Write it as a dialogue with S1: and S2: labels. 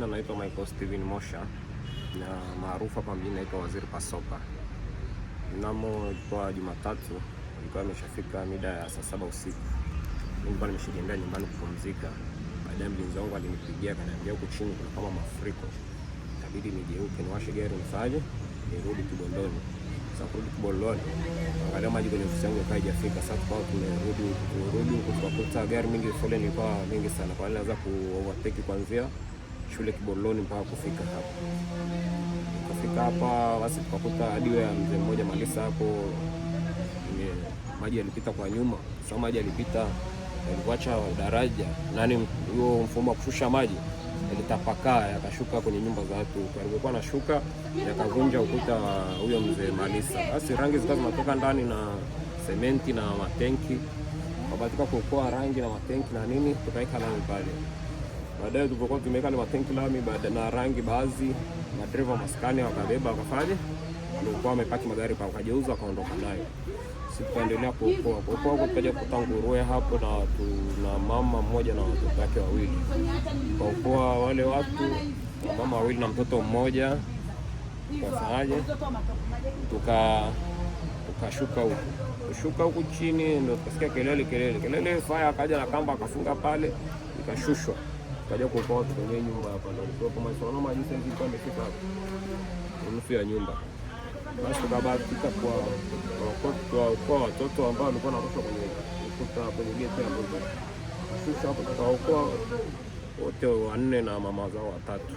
S1: jina naitwa Michael Steven Mosha na maarufu hapa mjini naitwa Waziri Pasoka. Mnamo kwa Jumatatu ilikuwa imeshafika mida ya saa saba usiku, nilikuwa nimeshajembea nyumbani kupumzika. Baadaye mlinzi wangu alinipigia akaniambia, huko chini kuna kama mafuriko, itabidi nigeuke niwashe gari nifanye nirudi Kibondoni. Sasa kurudi Kigondoni, angalia maji kwenye ofisi yangu yakawa haijafika. Sasa kwa tumerudi tumerudi huko tukakuta gari mingi, foleni ilikuwa mingi sana, kwa nini naweza ku overtake kuanzia shule Kiboloni mpaka kufika hapa. Kufika hapa basi tukakuta adiwe ya mzee mmoja Malisa hapo maji yalipita kwa nyuma, sa maji yalipita yalikuacha daraja nani, huo mfumo wa kushusha maji yalitapakaa yakashuka kwenye nyumba za watu, yalikuwa na shuka yakavunja ukuta huyo mzee Malisa. Basi rangi zikawa zinatoka ndani na sementi na matenki, kabatika kuokoa rangi na matenki na nini, tukaweka nani pale Baadaye tulipokuwa tumeweka na matenki lami na rangi, baadhi madereva maskani wakabeba wakafanya, walikuwa wamepaki magari pa wakajeuza wakaondoka nayo. Sisi tukaendelea kuokoa kuokoa huko, tukaja kukuta nguruwe hapo na tuna mama mmoja na watoto wake wawili. Tukaokoa wale watu na mama wawili na mtoto mmoja, tukafanyaje, tuka tukashuka huko kushuka huku chini, ndio tukasikia kelele kelele kelele, faya akaja na kamba akafunga pale, ikashushwa kaja kuokoa watu kwenye nyumba hapa, ndio nilikuwa kama sio noma jinsi nilikuwa nimefika hapa nusu ya nyumba. Basi tukabahatika kwa kwa kwa watoto ambao walikuwa wanatoka kwenye kuta kwenye geti hapo, sisi hapo tukaokoa wote wanne na mama zao watatu.